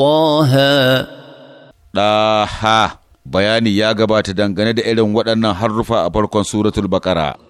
طه ɗaha bayani ya gabata dangane da irin waɗannan harrufa a farkon suratul baƙara.